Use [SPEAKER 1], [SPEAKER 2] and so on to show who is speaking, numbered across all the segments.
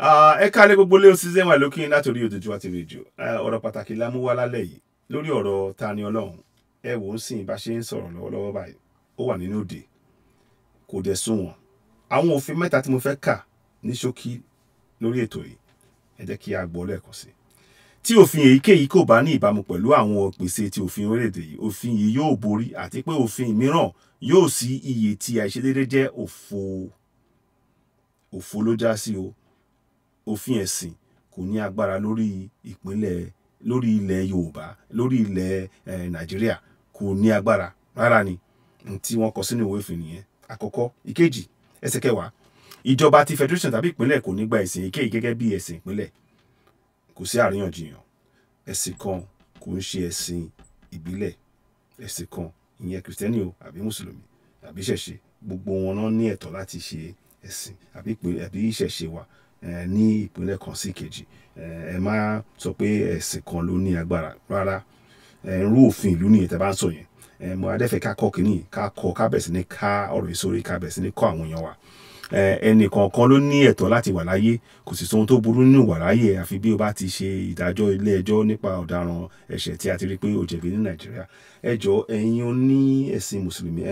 [SPEAKER 1] Ah, ẹ káàlẹ́ gbogbo lé season zẹ́wà lókè látòrí Odùduwà TV rédíò ọ̀rọ̀ pàtàkì la mú wá lálẹ́ yìí lórí ọ̀rọ̀ ta ni ọlọ́run ẹ wò ó sìn bá ṣe ń sọ̀rọ̀ lọ́wọ́lọ́wọ́ báyìí ó wà nínú òde kò dẹ̀ sunwọ̀n àwọn òfin mẹ́ta tí mo fẹ́ kà ní ṣókí lórí ètò yìí ẹ jẹ́ kí a gbọ́ lẹ́ẹ̀kan sí tí òfin èyíkéyìí kò bá ní ìbámu pẹ̀lú àwọn òpèsè ti òfin orílẹ̀-èdè yìí òfin yìí yóò borí àti pé òfin mìíràn yóò sí iye tí àìṣedéédé jẹ́ òfo òfo ló já sí o òfin ẹ̀sìn kò ní agbára lórí ìpínlẹ̀ lórí ilẹ̀ Yorùbá lórí ilẹ̀ Nàìjíríà kò ní agbára rárá ni tí wọ́n kọ sínú ìwé òfin nìyẹn àkọ́kọ́ ìkejì ẹsẹ̀ kẹwàá
[SPEAKER 2] ìjọba ti federation tàbí ìpínlẹ̀
[SPEAKER 1] kò ní gba ẹ̀sìn èkéyìí gẹ́gẹ́ bí ẹ̀sìn ìpínlẹ̀ kò sí àríyànjiyàn ẹ̀sìn kan kò ń ṣe ẹ̀sìn ìbílẹ̀ ẹ̀sìn kan ìyẹn kìrìtẹ́nì o àbí mùsùlùmí àbí ìṣẹ̀ṣe gbogbo wọn náà ní ẹ̀tọ́ láti ṣe ẹ̀sìn àbí ìṣẹ̀ṣe wa ní ìpínlẹ̀ kan sí kejì ẹ má sọ pé ẹ̀sìn kan ló ní agbára rárá irú òfin ìlú nìyẹn tẹ́ bá ń sọ yẹn mo adẹ́fẹ́ ká kọ́ kínní ká kọ́ ká bẹ̀ sí ní ká ọ̀rọ̀ ìsórí ká bẹ̀ sí ní kọ́ àwọn èèyàn wa ẹnìkọ̀ọ̀kan ló ní ẹ̀tọ́ láti wà láyé kò sì sóhun tó burú nínú wà láyé àfi bí o bá ti ṣe ìdájọ́ ilé ẹjọ́ nípa ọ̀daràn ẹ̀ṣẹ̀ tí a ti rí pé o jẹ̀bi ní nàìjíríà ẹ ẹ̀yin ó ní ẹ̀sìn mùsùlùmí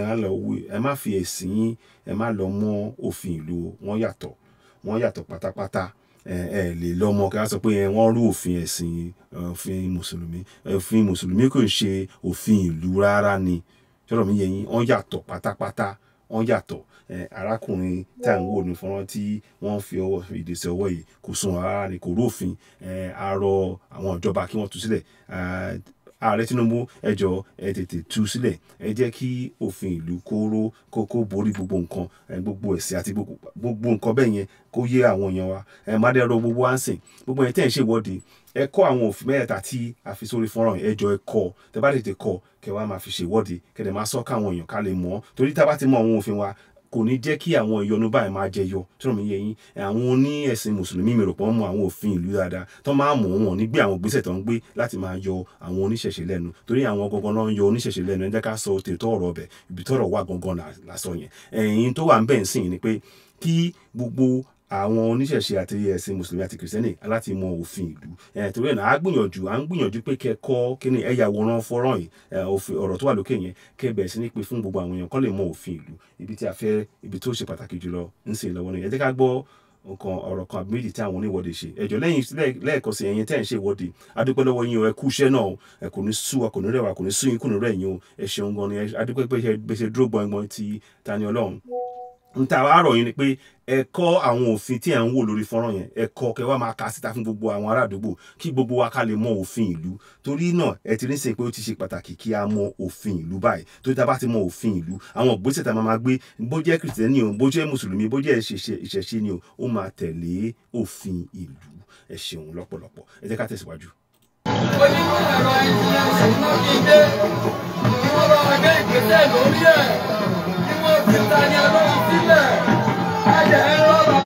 [SPEAKER 1] ẹ má fi ẹ̀sìn yín ẹ má lọ mọ́ òfin ìlú wọn yàtọ̀ wọ́n yàtọ̀ pátápátá ẹ ẹ lè lọ́mọ kí wọ́n sọ pé wọ́n rú òfin ẹ̀sìn òfin mùsùlùmí òfin mùsùlùmí kò ń ṣe òfin ìlú rárá ni ṣọ́rọ̀ mi yẹ yín wọ́n yàtọ̀ pátápátá wọ́n yàtọ̀ arákùnrin tá à ń wò ní fọ́nrán tí wọ́n fi ọwọ́ ìdèsẹ̀ ọwọ́ yìí kò sùn rárá ni kò rófin arọ àwọn ìjọba kí wọ́n tú sílẹ̀ ààrẹ Tinubu ẹ jọ̀ọ́ ẹ tètè tú sílẹ̀ ẹ jẹ́ kí òfin ìlú kóró kókó borí gbogbo nǹkan gbogbo ẹ̀sìn àti gbogbo nǹkan bẹ́ẹ̀ yẹn kó yé àwọn èèyàn wa ẹ má dẹ́ rọ gbogbo ansìn gbogbo yẹn tẹ́ ń ṣèwọ́de ẹ kọ́ àwọn òfin mẹ́ta tí a fi sórí fọ́nrán ẹ jọ̀ọ́ ẹ kọ́ tẹ́ bá tètè kọ́ kẹ́ wá máa fi ṣèwọ́de kẹ́ dẹ̀ máa sọ káwọn èèyàn ká lè mọ̀ torí tá a bá ti mọ àwọn òfin wa kò ní jẹ́ kí àwọn ìyọnu báyìí máa jẹyọ tí wọ́n mi yẹ yín àwọn oní ẹ̀sìn mùsùlùmí mi rò pé wọ́n mọ àwọn òfin ìlú dáadáa tó máa mọ̀ wọ́n ní gbé àwọn ìgbésẹ̀ tó ń gbé láti máa yọ àwọn oníṣẹ̀ṣe lẹ́nu torí àwọn gangan náà ń yọ oníṣẹ̀ṣe lẹ́nu ẹ jẹ́ sọ tètò ọ̀rọ̀ ọbẹ̀ ibi tọ́rọ̀ wà gangan làásọ yẹn ẹ̀yìn tó wà ń bẹ̀ ń sìn ni pé kí gbogbo àwọn oníṣẹ̀ṣe àti ẹ̀sìn mùsùlùmí àti kìrìsìtẹ́nì láti mọ òfin ìlú torí ẹ̀ náà a gbìyànjú à ń gbìyànjú pé kẹ́ kọ́ kíni ẹ yà wòran fọ́nrán yìí òfin ọ̀rọ̀ tó wà lókè yẹn kẹ́ bẹ̀rẹ̀ sí ní pé fún gbogbo àwọn èèyàn kọ́ lè mọ òfin ìlú ibi tí a fẹ́ ibi tó ṣe pàtàkì jùlọ ń ṣe lọ́wọ́ ni ẹ jẹ́ ká gbọ́ nǹkan ọ̀rọ̀ kan àbí méjì tí àwọn oníwọ́de ṣe ẹjọ́ lẹ́yìn lẹ́ẹ̀kan sí ẹ̀yin tẹ́ ẹ̀ ń ṣe ìwọ́de adúpẹ́ lọ́wọ́ yín o ẹ kú iṣẹ́ náà ẹ kò ní sú wa kò ní rẹwà kò ní sú yín kò rẹ̀ yín o ẹ ṣeun gan ni adúpẹ́ pé ṣe dúró gbọ̀ngbọ̀n ti Tani Olohun n ta wá rọ̀ yín ni pé ẹ kọ́ àwọn òfin tí ẹ̀ ń wò lórí fọ́nrán yẹn ẹ kọ́ kẹ wá máa ka síta fún gbogbo àwọn ará àdúgbò kí gbogbo wa ká lè mọ òfin ìlú torí náà ẹ ti rí sìn pé ó ti ṣe pàtàkì kí a mọ òfin ìlú báyìí torí tá a bá ti mọ òfin ìlú àwọn ìgbésẹ̀ tá a máa gbé bó jẹ́ kìrìtẹ́nì o bó jẹ́ mùsùlùmí bó jẹ́ ìṣẹ̀ṣe ni o ó máa tẹ̀lé òfin ìlú ẹ ṣeun lọ́pọ̀lọpọ̀ ẹ jẹ́ ká tẹ̀síwájú onímọ̀ ẹ̀rọ ìjìnlẹ̀ mákindé ni wọ́n bá gbé ìgbésẹ̀ lórí ẹ̀ ni wọ́n ti ta ní ọlọ́run sílẹ̀ ẹ̀jẹ̀ ẹ̀rọ.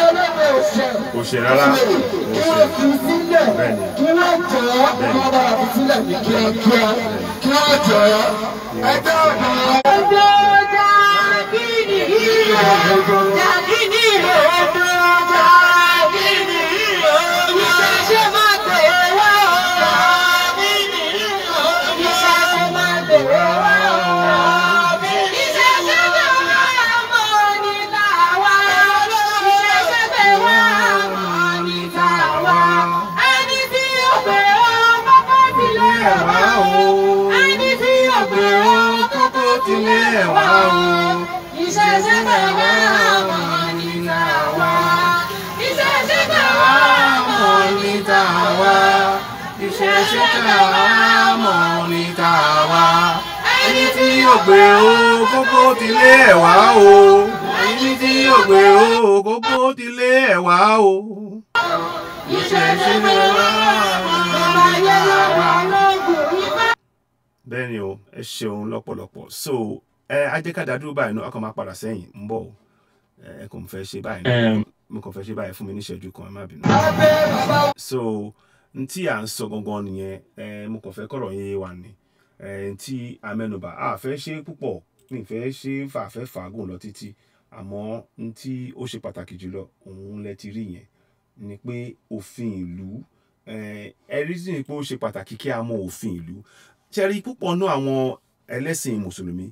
[SPEAKER 1] kò ṣe rárá kò ṣe bẹ́ẹ̀ ni. kí wọ́n jọ ọ́ kí wọ́n bá fi sílẹ̀ ní kíákíá kí wọ́n jọ ọ́ ẹjọ́ ọ̀dọ́. tilé wa o. Ìṣẹ̀ṣẹ̀ tẹ̀lé àwọn níta wa. Ìṣẹ̀ṣẹ̀ tẹ̀lé àwọn níta wa. Ìṣẹ̀ṣẹ̀ tẹ̀lé àwọn níta wa. Ẹni tí yóò gbé o kókó tilé o. Ẹni tí yóò gbé o kókó tilé wa o.
[SPEAKER 2] Ìṣẹ̀ṣẹ̀ tẹ̀lé àwọn
[SPEAKER 1] níta wa bẹ́ẹ̀ ni o ẹ ṣeun lọ́pọ̀lọpọ̀ so ẹ ajẹ́kádá dúró báyìí náà ọkàn máa padà sẹ́yìn ń bọ̀ ẹ kò ń fẹ́ ṣe báyìí mo kàn fẹ́ ṣe báyìí fún mi ní ìṣẹ́jú kan ẹ má bínú. so n tí à ń sọ gangan nìyẹn ẹ mo kàn fẹ́ kọ̀rọ̀ yẹn wà ní ẹ n tí a a fẹ́ ṣe púpọ̀ mi fẹ́ ṣe fàfẹ́ fàágùn lọ títí àmọ́ n tí ó ṣe pàtàkì jùlọ òun lẹ ti rí yẹn ni pé òfin ìlú ẹ ẹ rí sí ni pé ó ṣe pàtàkì kí a mọ òfin ìlú ṣe rí púpọ̀ nú àwọn ẹlẹ́sìn mùsùlùmí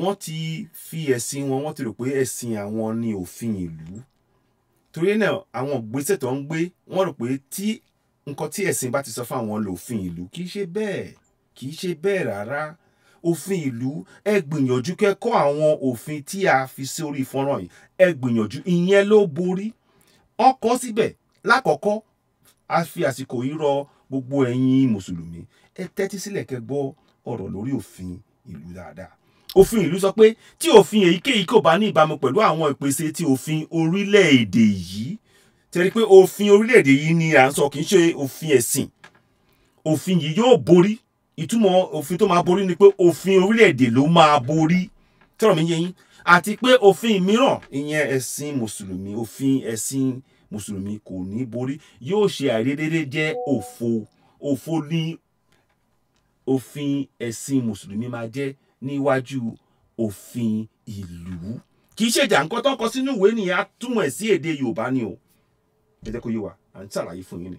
[SPEAKER 1] wọ́n ti fi ẹ̀sìn wọn wọ́n ti rò pé ẹ̀sìn àwọn ni òfin ìlú torí náà àwọn ìgbésẹ̀ tó ń gbé wọ́n rò pé tí nǹkan tí ẹ̀sìn bá ti sọ fún àwọn lòfin ìlú kì í ṣe bẹ́ẹ̀ kì í ṣe bẹ́ẹ̀ rárá òfin ìlú ẹ gbìyànjú kẹ́kọ̀ọ́ àwọn òfin tí a fi sí orí fọ́nrán yìí ẹ gbìyànjú ìyẹn ló borí ọkọ̀ síbẹ̀ lákọ̀ọ́kọ́ a fi àsìkò yìí rọ gbogbo ẹ̀yin mùsùlùmí ẹ tẹ́tí sílẹ̀ kẹ́ gbọ́ ọ̀rọ̀ lórí òfin ìlú dáadáa òfin ìlú sọ pé tí òfin èyíkéyìí kò bá ní ìbámu pẹ̀lú àwọn ìpèsè ti òfin orílẹ̀-èdè yìí tẹ́rí pé òfin orílẹ̀-èdè yìí ni à ń sọ kì í ṣe òfin ẹ̀sìn òfin yìí yóò borí ìtumọ̀ òfin tó máa borí ni pé òfin orílẹ̀-èdè ló máa borí tẹ́rọ̀ mi yẹ yín àti pé òfin mìíràn ìyẹn ẹ̀sìn mùsùlùmí òfin ẹ̀sìn mùsùlùmí kò ní borí yóò ṣe àìdédédé jẹ́ òfo òfo ní òfin ẹ̀sìn mùsùlùmí máa jẹ́ níwájú òfin ìlú kì í ṣe jàǹkọ́ tó ń kọ sínú ìwé nìyẹn túmọ̀ ẹ̀ sí èdè Yorùbá ni o ẹ jẹ́ kó yé wa à ń ṣàlàyé fún yín ni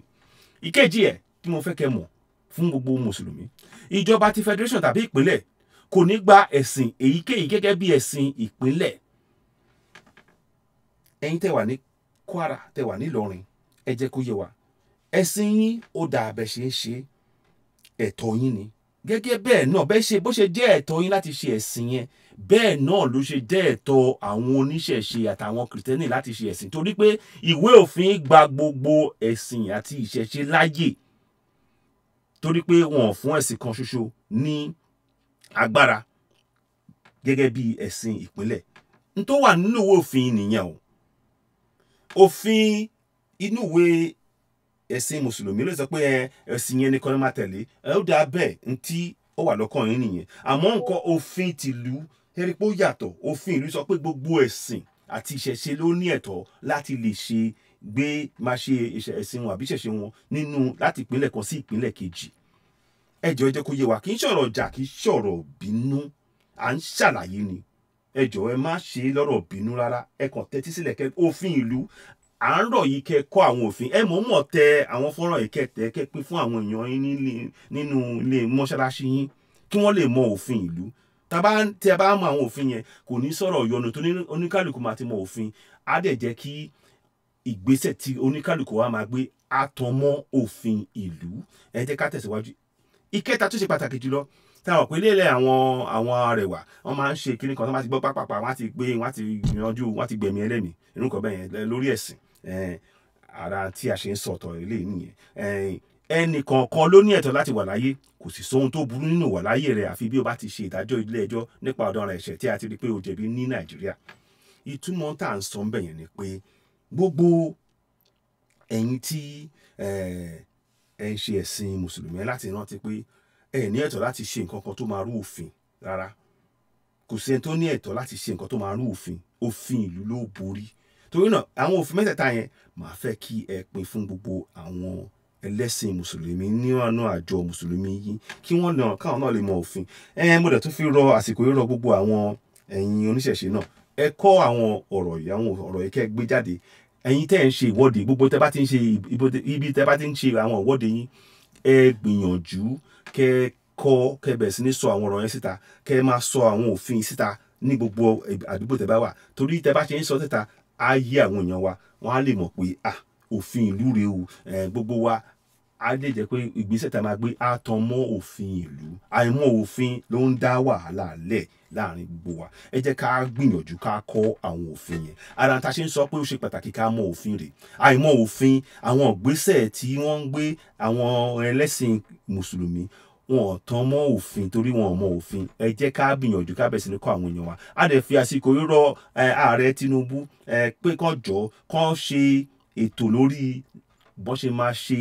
[SPEAKER 1] ìkejì ẹ̀ tí mo fẹ́ kẹ́ mọ̀ fún gbogbo mùsùlùmí ìjọba ti federation tàbí ìpínlẹ̀ kò ní gba ẹ̀sìn èyíkéyìí gẹ́gẹ́ bí ẹ̀sìn ìpínlẹ̀ ẹ̀yin tẹ́ wà ní Kwara tẹ́ wà nílọrin ẹ jẹ́ kó yé wa ẹ̀sìn yín ó dà abẹ́ ṣe é ṣe ẹ̀tọ́ yín ni gẹ́gẹ́ bẹ́ẹ̀ náà bẹ́ẹ̀ ṣe bó ṣe jẹ́ ẹ̀tọ́ yín láti ṣe ẹ̀sìn yẹn bẹ́ẹ̀ náà ló ṣe jẹ́ ẹ̀tọ́ àwọn oníṣẹ̀ṣe àtàwọn kìrìtẹ́nì láti ṣe ẹ̀sìn torí pé ìwé òfin gba gbogbo ẹ̀sìn àti ìṣẹ̀ṣe láàyè torí pé wọn ò fún ẹ̀sìn kan ṣoṣo ní agbára gẹ́gẹ́ bí ẹ̀sìn ìpínlẹ̀ n tó wà nínú ìwé òfin nìyẹn o òfin inú ìwé ẹ̀sìn mùsùlùmí ló sọ pé ẹ̀sìn yẹn ni kọ́ni máa tẹ̀lé ẹ ó dáa bẹ́ẹ̀ n tí ó wà lọ́kàn yín nìyẹn àmọ́ nǹkan òfin tìlú ẹ̀rí pé ó yàtọ̀ òfin ìlú sọ pé gbogbo ẹ̀sìn àti ìṣẹ̀ṣe ló ní ẹ̀tọ́ láti lè ṣe gbé máa ṣe ẹ̀sìn wọn àbí ìṣẹ̀ṣe wọn nínú láti ìpínlẹ̀ kan sí ìpínlẹ̀ kejì ẹjọ́ ẹ jẹ́ kó yé wa kì í ṣọ̀rọ̀ ọjà kì í ṣọ̀rọ̀ bínú à ń ṣàlàyé ni ẹjọ́ ẹ má ṣe lọ́rọ̀ bínú rárá ẹ kàn tẹ́tí sílẹ̀ kẹ́ òfin ìlú à ń rọ̀ yìí kẹ́ kọ́ àwọn òfin ẹ mọ̀ mọ̀ tẹ àwọn fọ́nrán yìí kẹ́ tẹ́ kẹ́ pín fún àwọn èèyàn yín nínú ilé mọ́ṣáláṣí yín kí wọ́n lè mọ òfin ìlú tí a bá mọ àwọn òfin yẹn kò ní sọ̀rọ̀ yọnu tó ní oníkálukú máa ti mọ òfin á dẹ̀ jẹ́ kí ìgbésẹ̀ tí oníkálukú wa máa gbé àtọmọ́ òfin ìlú ẹ jẹ́ ká tẹ̀síwájú ìkẹta tó ṣe pàtàkì jùlọ táwọn òpin lélẹ̀ àwọn àwọn arẹwà wọn máa ń ṣe kinní kan tó bá ti gbọ́ pápápá wọn á ti gbé wọn á ti yanjú wọn á ti gbẹ̀mí ẹlẹ́mìí irú nǹkan bẹ́ẹ̀ yẹn lórí ẹ̀sìn ara tí a ṣe ń sọ̀tọ̀ ilé nìyẹn ẹnì kọ̀ọ̀kan ló ní ẹ̀tọ́ láti wà láyé kò sì sóhun tó burú nínú wà láyé rẹ̀ àfi bí o bá ti ṣe ìdájọ́ ilé ẹjọ́ nípa ọ̀daràn ẹ̀ṣẹ̀ tí a ti rí pé o jẹ̀bi ní nàìjíríà ìtumọ̀ tá à ń sọ ń bẹ̀yẹn ni pé gbogbo ẹ̀yin tí ẹ ń ṣe ẹ̀sìn mùsùlùmí láti rántí pé ẹ ní ẹ̀tọ́ láti ṣe nǹkan kan tó máa rú òfin rárá kò sí ẹni tó ní ẹ̀tọ́ láti ṣe nǹkan tó máa rú òfin òfin ìlú ló borí torí náà àwọn òfin mẹ́tẹ̀ẹ̀ta yẹn màá fẹ́ kí ẹ pín fún gbogbo àwọn ẹlẹ́sìn mùsùlùmí níwọ̀nà àjọ mùsùlùmí yìí kí wọ́n lọ káwọn náà lè mọ òfin ẹ mo dẹ̀ tún fi rọ àsìkò yìí rọ gbogbo àwọn ẹ̀yin oníṣẹ̀ṣe náà ẹ kọ́ àwọn ọ̀rọ̀ yìí àwọn ọ̀rọ̀ yìí kẹ́ gbé jáde ẹ̀yin tẹ́ ẹ̀ ń ṣe ìwọ́de gbogbo tẹ́ bá ti ń ṣe ibi tẹ́ bá ti ń ṣe àwọn ìwọ́de yín ẹ gbìyànjú kẹ́ kọ́ kẹ́ bẹ̀rẹ̀ sí ní sọ àwọn ọ̀rọ̀ yẹn síta kẹ́ máa sọ àwọn òfin síta ní gbogbo àdúgbò tẹ́ bá wà torí tẹ́ bá ṣe ń sọ síta á àwọn èèyàn wa wọ́n á lè mọ̀ pé ah òfin ìlú rèé o gbogbo wa á lè jẹ́ pé ìgbésẹ̀ tá a máa gbé á tan mọ́ òfin ìlú àìmọ̀ òfin ló ń dá wàhálà lẹ̀ láàrin gbogbo wa ẹ jẹ́ ká gbìyànjú ká kọ́ àwọn òfin yẹn ara ta ṣe ń sọ pé ó ṣe pàtàkì ká mọ̀ òfin rẹ̀ àìmọ̀ òfin àwọn ìgbésẹ̀ tí wọ́n ń gbé àwọn ẹlẹ́sìn mùsùlùmí wọn ò tán mọ́ òfin torí wọn ò mọ̀ òfin ẹ jẹ́ ká gbìyànjú ká bẹ̀sẹ̀ ní kọ́ àwọn èèyàn wa á dẹ̀ fi àsìkò rírọ ààrẹ Tinubu pé kán jọ kán ṣe ètò lórí bọ́n ṣe máa ṣe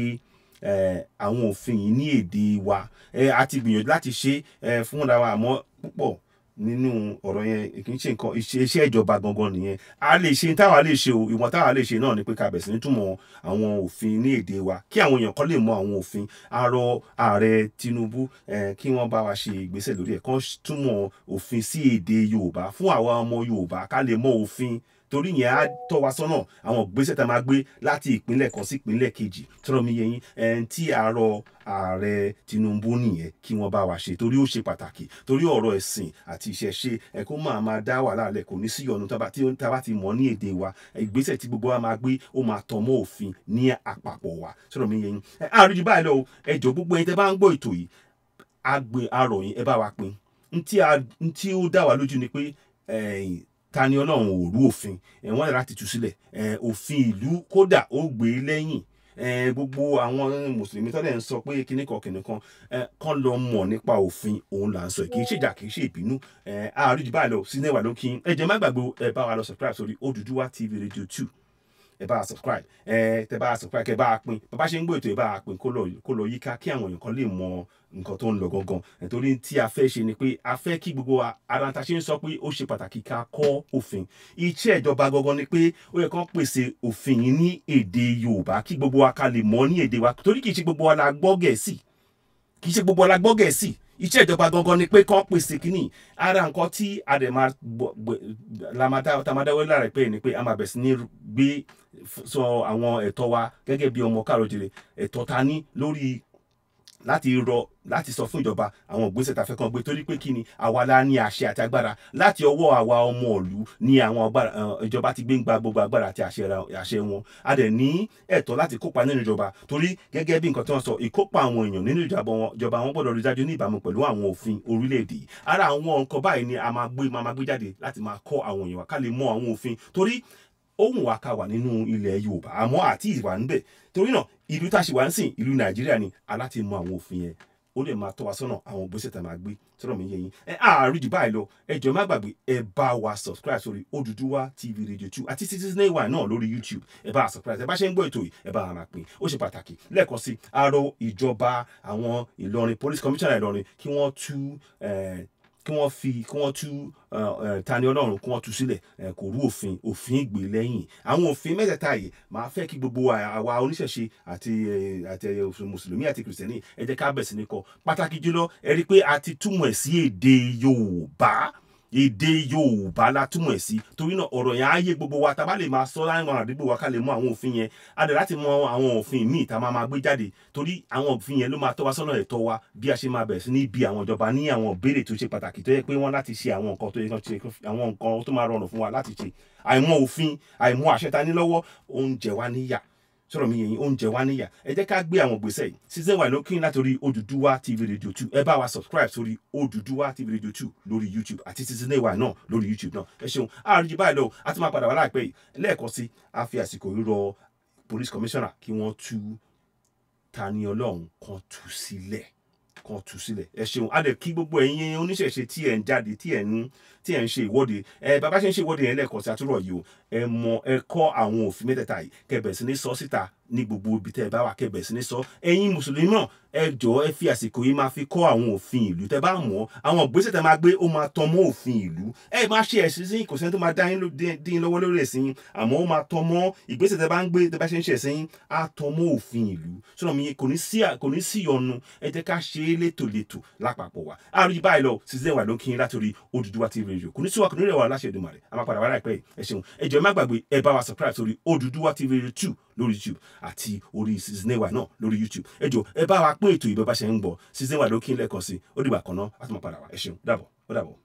[SPEAKER 1] àwọn òfin yìí ní èdè wa a ti gbìyànjú láti ṣe fúnra wa àmọ́ púpọ̀ nínú ọ̀rọ̀ yẹn kì í ṣe nǹkan iṣẹ́ ìjọba gangan nìyẹn a lè ṣe táwa lè ṣe o ìwọ̀n táwa lè ṣe náà ni pé ká bẹ̀rẹ̀ sí ní túmọ̀ àwọn òfin ní èdè wa kí àwọn èèyàn kan lè mọ àwọn òfin arọ ààrẹ Tinubu kí wọ́n bá wa ṣe ìgbésẹ̀ lórí ẹ̀ kán túmọ̀ òfin sí èdè Yorùbá fún àwa ọmọ Yorùbá ká lè mọ òfin torí yẹn á tọ́ wa sọ́nà àwọn ìgbésẹ̀ tá a máa gbé láti ìpínlẹ̀ kan sí ìpínlẹ̀ kejì tọ́rọmi yẹyin ẹn tí àárọ̀ ààrẹ Tinubu nìyẹn kí wọ́n bá wa ṣe torí ó ṣe pàtàkì torí ọ̀rọ̀ ẹ̀sìn àti ìṣẹ̀ṣe ẹ kó máa máa dá wàhálà lẹ̀ kò ní sí ọ̀nà tá a bá ti mọ̀ ní èdè wa ìgbésẹ̀ tí gbogbo wa máa gbé ó máa tọ́ mọ́ òfin ní àpapọ̀ wa tọ́rọmi yẹyin àárín jù báyìí lọ ẹ gbogbo ẹ̀yin tẹ́ bá ń gbọ́ ètò yìí àgbẹ̀ aròyìn ẹ bá wa pín ntí ó dá wa lójú ni pé ta ni ọlọ́run ò rú òfin wọ́n yàrá ti tú sílẹ̀ òfin ìlú kódà ó gbé e lẹ́yìn gbogbo àwọn mùsùlùmí tọ́lẹ̀ ń sọ pé kíní kan kíní kan kán lọ mọ̀ nípa òfin òun là ń sọ kì í ṣèjà kì í ṣe ìbínú àárí jù báyìí lọ sínú ẹ̀wà ló ẹ jẹ́ má gbàgbé ẹ bá wa lọ subscribe sórí Odùduwà TV Radio 2 ẹ bá a subscribe ẹ tẹ bá a subscribe kẹ bá a pín bàbá ṣe ń gbọ́ ètò ẹ bá a pín kó lọ yíká kí àwọn èèyàn kan lè mọ nǹkan tó ń lọ gangan nítorí tí a fẹ́ ṣe ni pé a fẹ́ kí gbogbo wa ara ta ṣe ń sọ pé ó ṣe pàtàkì ká kọ́ òfin iṣẹ́ ìjọba gangan ni pé ó yẹ kán pèsè òfin yìí ní èdè Yorùbá kí gbogbo wa ká lè mọ̀ ní èdè wa torí kì í ṣe gbogbo wa la gbọ́ Gẹ̀ẹ́sì kì í ṣe gbogbo wa la gbọ́ Gẹ̀ẹ́sì iṣẹ́ ìjọba gangan ni pé kán pèsè kínní ara nǹkan tí a dẹ̀ máa tamádáwé lára pé ni pé a máa bẹ̀ sí ní gbé sọ àwọn ẹ̀tọ́ wa gẹ́gẹ́ bí ọmọ káàrọ̀ jèrè ẹ̀tọ́ ta ní lórí láti rọ láti sọ fún ìjọba àwọn ògbésẹ̀ tá a fẹ́ kàn gbé torí pé kí ni àwa la ní àṣẹ àti agbára láti ọwọ́ àwa ọmọ ìlú ni àwọn eh, ìjọba ti gbé ń gba gbogbo agbára àti àṣẹ wọn a dẹ̀ ní ẹ̀tọ́ láti kópa nínú ìjọba torí gẹ́gẹ́ bí nǹkan tí wọ́n sọ ìkópa àwọn èèyàn nínú ìjọba wọn gbọ́dọ̀ rí dájú ní ìbámu pẹ̀lú àwọn òfin orílẹ̀-èdè ara àwọn nǹkan báyìí ni a máa gbé máa gbé jáde láti máa kọ́ àwọn èèyàn ká lè mọ àwọn òfin torí ohun wa ká wà nínú ilẹ̀ yorùbá àmọ́ àti ìwà ń bẹ̀ torí náà ìlú tá a ṣe wà ń sìn ìlú nàìjíríà ni aláti mọ àwọn òfin yẹn ó lè máa tọ́ wa sọ́nà àwọn ògbésẹ̀ tá a máa gbé sọ́nà mi yẹ yín ẹ àárí jù báyìí lọ ẹ jọ̀ọ́ má gbàgbé ẹ bá wa subscribe sórí Odùduwà TV Radio 2 àti Citizen Network náà lórí YouTube ẹ bá a subscribe ẹ bá ṣe ń gbọ́ ètò yìí ẹ bá a máa pín ó ṣe pàtàkì lẹ́ẹ̀kan sí àrò ìjọba àwọn Ìlọrin Police Commissioner Ìlọrin kí wọ́n tú kí wọ́n fi kí wọ́n tú tani ọlọ́run kí wọ́n tú sílẹ̀ kò rú òfin òfin ìgbè lẹ́yìn àwọn òfin mẹ́tẹ̀ẹ̀ta yìí máa fẹ́ kí gbogbo àwa oníṣẹ̀ṣe àti àti mùsùlùmí àti kìrìsìtẹ́nì ẹ jẹ́ ká bẹ̀ sí ní kọ pàtàkì jùlọ ẹ rí i pé a ti túmọ̀ ẹ̀ sí èdè Yorùbá èdè Yorùbá la túmọ̀ ẹ̀ sí torí náà ọ̀rọ̀ yẹn á yé gbogbo wa tá a bá lè máa sọ láwọn àdúgbò wa ká lè mú àwọn òfin yẹn á dẹ̀ láti mọ àwọn òfin míì tá a máa máa gbé jáde torí àwọn òfin yẹn ló máa tọ́ wa sọ́nà ẹ̀tọ́ wa bí a ṣe máa bẹ̀rẹ̀ sí ní bí àwọn ìjọba ní àwọn ìbéèrè tó ṣe pàtàkì tó yẹ pé wọ́n láti ṣe àwọn nǹkan tó yẹ àwọn tó máa rọrùn fún wa láti ṣe àìmọ̀ òfin àìmọ̀ àṣẹ ta ní lọ́wọ́ ó ń níyà sọ̀rọ̀ mi yẹn oúnjẹ wa níyà ẹ jẹ́ ká gbé àwọn gbèsè yìí season one lókìn látòrí Odùduwà TV Radio two ẹ bá wa subscribe sórí Odùduwà TV Radio two lórí YouTube àti season one náà lórí YouTube náà ẹ ṣeun àárín jù báyìí lọ a ti máa padà wá láìpẹ́ yìí lẹ́ẹ̀kan sí a fi àsìkò rírọ police commissioner kí wọ́n tú Taniọlọ́run kan tú sílẹ̀ kan tú sílẹ̀ ẹ ṣeun a dẹ̀ kí gbogbo ẹ̀yin oníṣẹ̀ṣe tí ẹ̀ ń jáde tí ẹ̀ ń tí ẹ̀ ń ṣe ìwọ́de ẹ bàbá ṣe ń ṣe ìwọ́de yẹn lẹ́ẹ̀kan sí àtúrọ̀ yìí o ẹ mọ ẹ kọ́ àwọn òfin mẹ́tẹ̀ẹ̀ta yìí kẹbẹ̀ sí ní sọ síta ní gbogbo ibi tẹ́ ẹ bá wà kẹbẹ̀ sí ní sọ ẹ̀yin mùsùlùmí náà ẹ jọ̀ọ́ ẹ fi àsìkò yìí máa fi kọ́ àwọn òfin ìlú tẹ bá mọ̀ àwọn ìgbésẹ̀ tẹ máa gbé ó máa tọ́ mọ́ òfin ìlú ẹ máa ṣe ẹ̀sìn sí kò sẹ́ni tó máa dín lọ́wọ́ lórí ẹ̀sìn àmọ́ ó máa tọ́ mọ́ ìgbésẹ̀ tẹ bá ń gbé tẹ bá ṣe ń ṣe ẹ̀sìn á tọ́ mọ́ òfin ìlú sọ́nà mi kò ní sí ọ̀nu ẹ jẹ́ ká ṣe é létòlétò lápapọ̀ wa àrùjì báyìí TV Radio kò ní sí wa kò ní rẹ̀ wá láṣẹ Èdùmàrè a wa subscribe sórí Odùduwà TV Radio two lórí YouTube àti orí sísẹ́ wà náà lórí YouTube ẹ jọ̀ọ́ pé ètò ìbọn bá ṣe ń gbọ́ ṣiṣẹ́ wà lókè lẹ́ẹ̀kan sí ó dìgbà kan náà a tún máa padà wá ẹ ṣeun dàbọ̀ ó dàbọ̀.